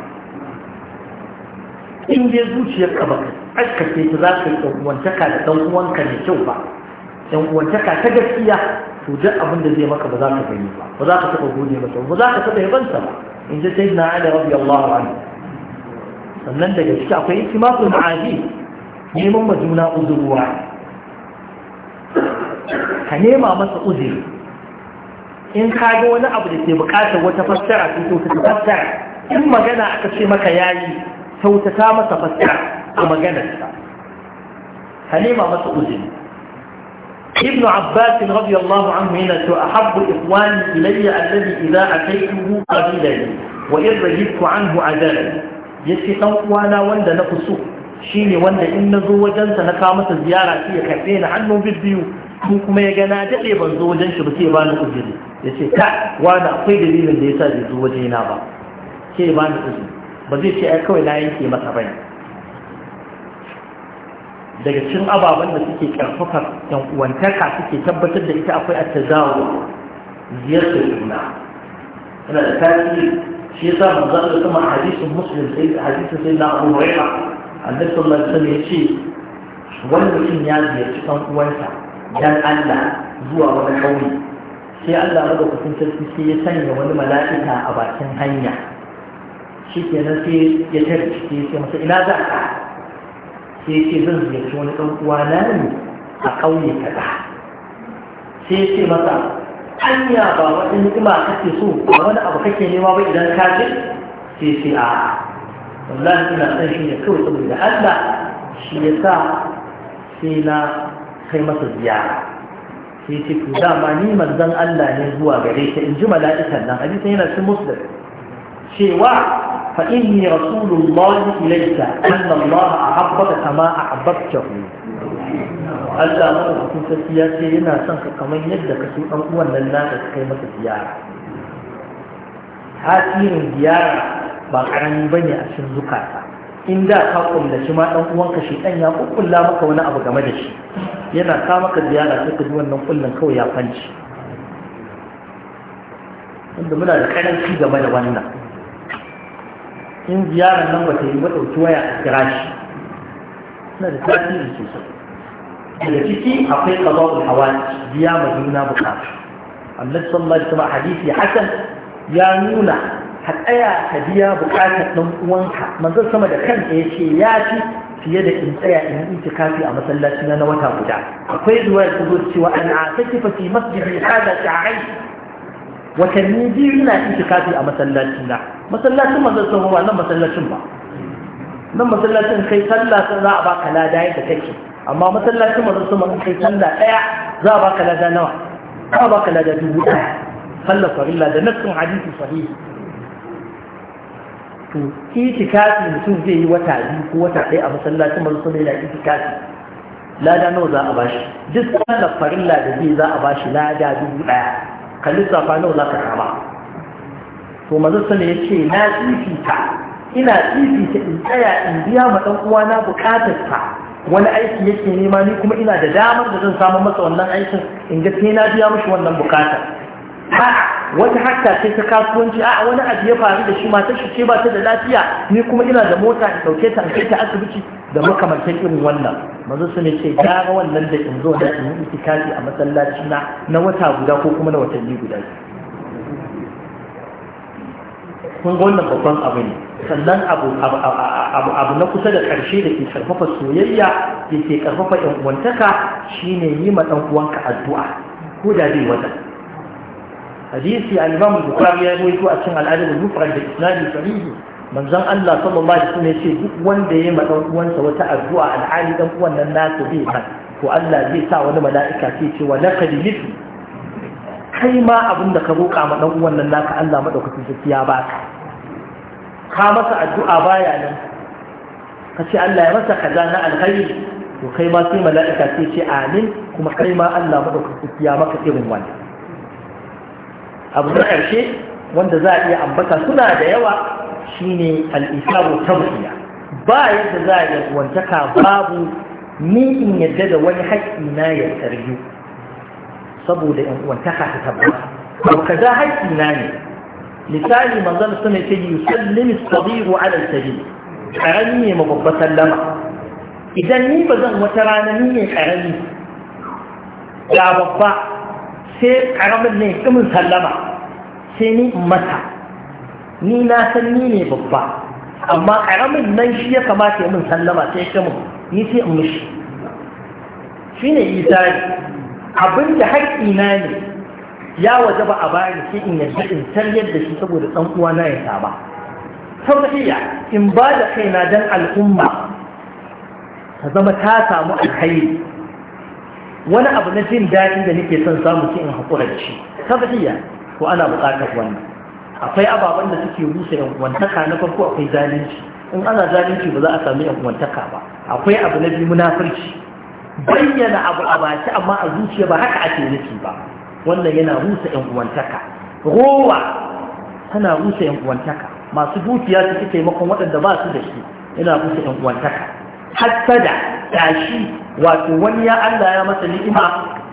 in dai zuciyar ka baka ce ta za ka yi ɗan uwantaka da ɗan uwanka mai kyau ba ɗan uwantaka ta gaskiya to duk abin da zai maka ba za ka gani ba ba za ka taɓa gode masa ba za ka taɓa yabansa ba in ji sai na ala rabbi Allah anhu sannan daga ciki akwai ikimafin ma'aji neman ma juna uzuruwa ka nema masa uzuri in ka ga wani abu da ke bukatar wata fassara ko ta fassara in magana aka ce maka yayi kyautata masa fassara a maganarsa ka nema masa uzuri ابن عباس رضي الله عنه هنا أحب إخواني إلي الذي إذا أتيته قبيلني وإن رجبت عنه عذابي يسي وانا وند نفسه شيني وند إن نزو وجنس نقامة زيارة في كفين عنه بالبيو كما يقنا دقي بنزو وجنس بسي بانو أجري يسي كا وانا أقوي دليل ليسا جزو وجينا با سي بانو أجري بزي شيء أكوي لا ينكي مثلا daga cikin ababen da suke karfafa yan uwantaka suke tabbatar da ita akwai ta zawo ziyartar juna yana da tafi shi yasa manzo da kuma hadisin musulun sai hadisun sai na Abu Hurairah annabi sallallahu alaihi ya yace wani mutum ya ziyarci ɗan uwansa dan Allah zuwa wani kauye sai Allah kusan sarki sai ya sanya wani mala'ika a bakin hanya shi kenan sai ya tare shi sai masa ina za ka sai ce zan ziyarci wani ɗan uwana ne a ƙauye ɗa. sai ce masa hanya ba wani ni'ima kake so ba wani abu kake nema ba idan ka ce sai sai a wallahi ina san shi ne kawai saboda Allah shi ya sa sai na kai masa ziyara sai ce to dama ni manzon Allah ne zuwa gare shi in ji mala'ikan nan hadisin yana cikin muslim cewa فإني رسول الله إليك أن الله أحبك كما أحببته
Allah
maɗaukakin sarki ya ce yana son ka kamar yadda ka so ɗan uwan nan naka ka kai masa ziyara. Tasirin ziyara ba ƙarami ba ne a cikin zukata. In da ka kullaci ma ɗan uwanka shi ɗan ya kukkulla maka wani abu game da shi. Yana sa maka ziyara sai ka ji wannan kullun kawai ya fanci. Inda muna da ƙaranci game da wannan. in ziyarar nan ba ta yi ɗauki waya a kira shi suna da tasiri sosai
daga ciki akwai qada'ul hawa
biya ma juna bukatu annabi sallallahu alaihi wasallam hadisi hasan ya nuna ka tsaya ka biya bukatar ɗan uwanka manzon sama da kan ya ce ya ci fiye da in tsaya in yi kafi a masallaci na wata guda akwai zuwa ta zo cewa an a sake fa fi masjidi hada ta'ai watanni biyu ina itikafi a masallacin na masallacin manzon sallallahu alaihi wasallam masallacin ba nan masallacin kai sallah sai za a baka lada yadda kake amma masallacin manzon sallallahu alaihi kai sallah daya za a baka lada nawa za a baka lada dubu daya sallah farilla da nassun hadisi sahihi to itikafi mutum zai yi wata biyu ko wata ɗaya a masallacin manzon sallallahu alaihi itikafi lada nawa za a bashi duk sallar farilla da zai za a bashi lada dubu daya kalisa fa nawa za ka kama to maza sani ya ce na ta, ina tsifi ta in tsaya in biya ma ɗan uwana ta, wani aiki yake nema ni kuma ina da damar da zan samu masa wannan aikin in ga sai na biya mishi wannan bukata ha wata hatta ce ta kasuwanci a wani abu ya faru da shi matar shi ce ba ta da lafiya ni kuma ina da mota da dauke ta in ta asibiti da makamantan irin wannan manzo su ne ce gara wannan da in zo da in yi itikafi a masallaci na wata guda ko kuma na watanni guda kun wannan babban abu ne sannan abu na kusa da karshe da ke karfafa soyayya da ke karfafa yan uwantaka shine yi ma dan uwanka addu'a ko da zai wata hadisi al-imam bukhari ya rawaito a cikin al-adab al-mufrad da isnadi sahihi manzon Allah sallallahu alaihi wasallam yace duk wanda ya ma dan uwansa wata addu'a al-ali dan uwan nan nasu bai nan to Allah zai sa wani mala'ika ce ce wa laqad litu kai ma abin da ka roƙa ma dan uwan nan naka Allah madaukakin sarki ya baka ka masa addu'a baya nan ka ce Allah ya masa kaza na alkhairi to kai ma sai mala'ika ce ce amin kuma kai ma Allah madaukakin sarki ya maka irin wannan abu na ƙarshe wanda za a iya ambata suna da yawa shine al'isabu tawfiya ba yadda za a iya wantaka babu ni in yadda da wani haƙƙi na ya tsarju saboda in wantaka ta tabbata abu kaza haƙƙi na ne misali manzon suna ce yi sallimi sabiru ala sabi karami ne mababba sallama idan ni ba zan wata rana ni ne karami ga babba sai karamin ne kimin sallama sai ni mata ni na san ni ne babba amma karamin nan shi ya kamata ya min sallama sai kimin ni sai in mishi shi ne isari abin da haƙƙina ne ya waje ba a bani sai in yadda in san da shi saboda ɗan uwana ya saba sauriya in ba da kaina don al'umma ta zama ta samu alkhairi wani abu na jin daɗi da nake son samu sai in haƙura da shi tabbiya ko ana buƙatar wani. akwai ababen da suke rusa yan uwantaka na farko akwai zalunci in ana zalunci ba za a sami yan uwantaka ba akwai abu na biyu munafurci bayyana abu a baki amma a zuciya ba haka ake nufi ba wannan yana rusa yan uwantaka rowa tana rusa yan uwantaka masu dukiya su taimakon waɗanda ba su da shi yana rusa yan uwantaka hassada tashi wato wani ya Allah ya masa ni'ima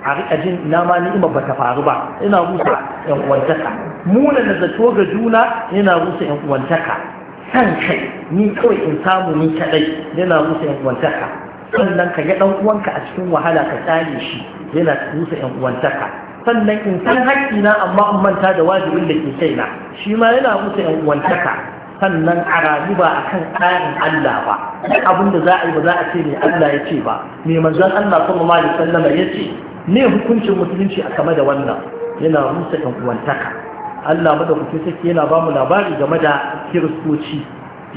a rika jin na ma ni'ima bata faru ba ina rusa yan uwantaka muna na zato ga juna yana rusa yan uwantaka san kai ni kawai in samu ni kadai yana rusa yan uwantaka sannan ka ga dan uwanka a cikin wahala ka tsare shi yana rusa yan uwantaka sannan in san haƙƙina amma in manta da wajibin da ke kaina shi ma yana rusa yan uwantaka sannan a rayu ba a kan tsarin Allah ba abin da za a yi ba za a ce mai Allah ya ce ba mai manzon Allah sallallahu alaihi wasallam ya ce ne hukuncin musulunci a kama da wannan yana rusa kan uwantaka Allah madaukaki sake yana ba mu labari game da kiristoci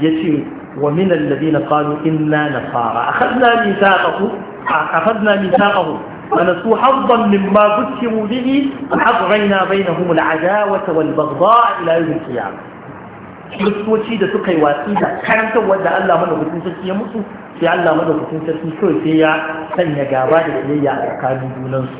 yace wa min alladhina qalu inna nasara akhadna mithaqahu akhadna mithaqahu ونسوا حظا raina baina به وحضرنا بينهم العداوة والبغضاء a يوم القيامة kiristoci da suka yi watsi da karantar da Allah madaukakin sarki ya mutu sai Allah madaukakin sarki kawai sai ya sanya gaba da kiyayya a tsakanin junansu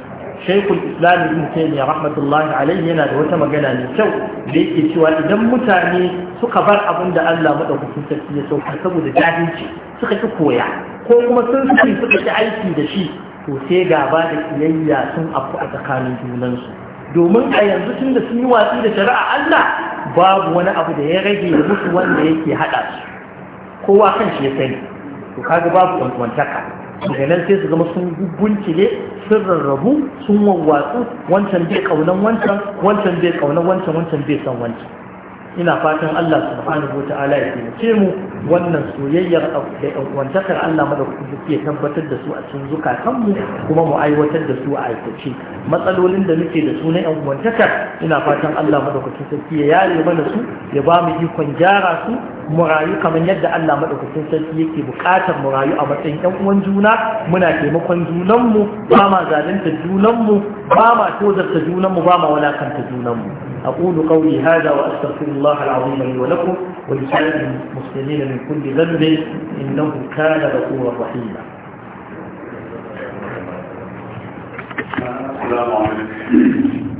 shaikul islam ibn taymiyyah rahmatullahi alayhi yana da wata magana mai kyau da yake cewa idan mutane suka bar abin da Allah madaukakin sarki ya sauka saboda jahilci suka ki koya ko kuma sun sani suka ki aiki da shi to sai gaba da kiyayya sun afu a tsakanin junansu domin a yanzu tun da sun yi watsi da shari'a Allah babu wani abu da ya rage musu wanda yake haɗa su kowa kan shi ya sani to kaga babu kwantantaka daga nan sai su zama sun guguncile sun rarrabu sun wawwatsu wancan bai kaunan wancan wancan bai kaunan wancan wancan bai san wancan ina fatan Allah subhanahu ta’ala ya taimake mu wannan soyayyar da wantakar Allah madaukakin sarki ya tabbatar da su a cikin zukatanmu kuma mu aiwatar da su a aikace matsalolin da muke da su na yan ina fatan Allah madaukakin sarki ya yare mana su ya ba mu ikon gyara su mu rayu kamar yadda Allah madaukakin sarki yake bukatar mu rayu a matsayin yan uwan juna muna taimakon junanmu ba ma zalunta junanmu ba ma tozarta junanmu ba ma junan junanmu أقول قولي هذا وأستغفر الله العظيم لي ولكم ولسائر المسلمين من كل ذنب إنه كان غفورا
رحيما السلام عليكم